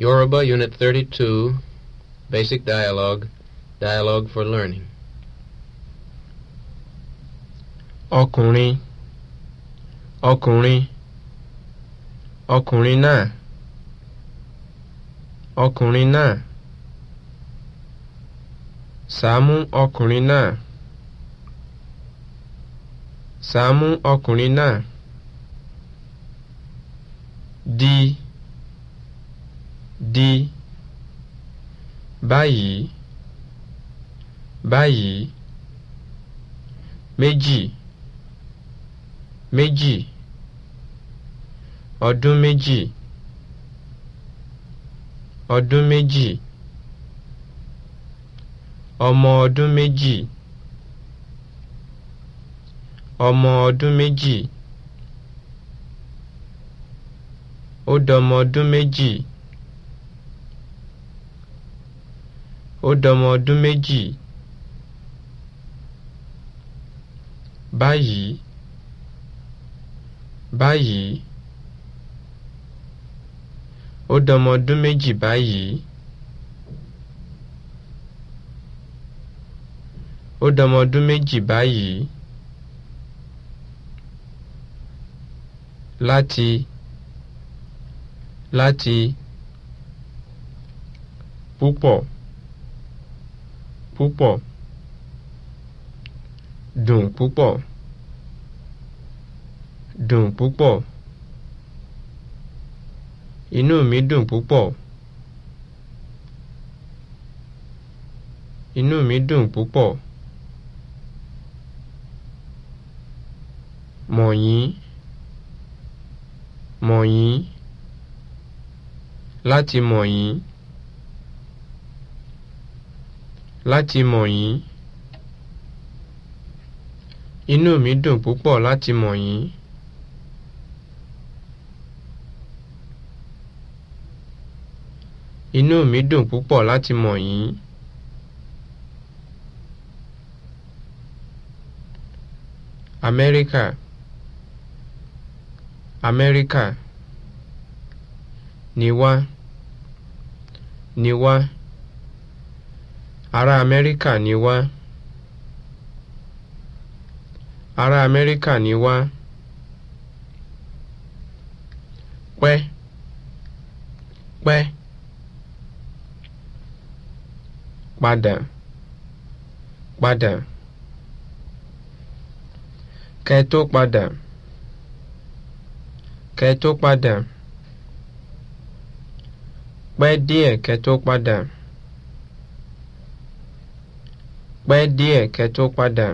Yoruba, Unit 32, Basic Dialogue, Dialogue for Learning. Ọkùnrin, ọkùnrin, ọkùnrin náà, ọkùnrin náà, sàmú ọkùnrin náà, sàmú ọkùnrin náà. di báyìí báyìí méjì méjì ọdún méjì ọdún méjì ọmọ ọdún méjì ọmọ ọdún méjì ó dọmọ ọdún méjì. ó dọmọ ọdún méjì báyìí báyìí ó dọmọ ọdún méjì báyìí ó dọmọ ọdún méjì báyìí láti láti púpọ̀ púpọ̀ dùn púpọ̀ dùn púpọ̀ inú mi dùn púpọ̀ inú mi dùn púpọ̀ mọ̀yìn mọ̀yìn láti mọ̀yìn. láti mọ̀ yín inú mi dùn púpọ̀ láti mọ̀ yín. inú mi dùn púpọ̀ láti mọ̀ yín. Amẹ́ríkà Amẹ́ríkà ni wá ni wá. Ará Amẹ́ríkà ni wá. Ará Amẹ́ríkà ni wá. Pẹ́ pẹ́ padà padà kẹ́ tó padà kẹ́ tó padà pẹ́ díẹ̀ kẹ́ tó padà. pẹ́ díẹ̀ kẹ́ tó padà.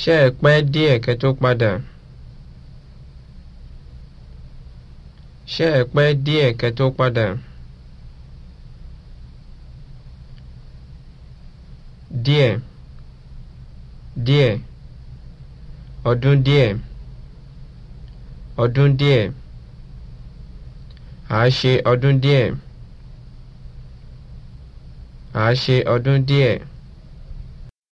ṣé ẹ pẹ́ díẹ̀ kẹ́ tó padà. ṣé ẹ pẹ́ díẹ̀ kẹ́ tó padà. díẹ̀ díẹ̀ ọdún díẹ̀ ọdún díẹ̀ à ṣe ọdún díẹ̀. À á ṣe ọdún díẹ̀.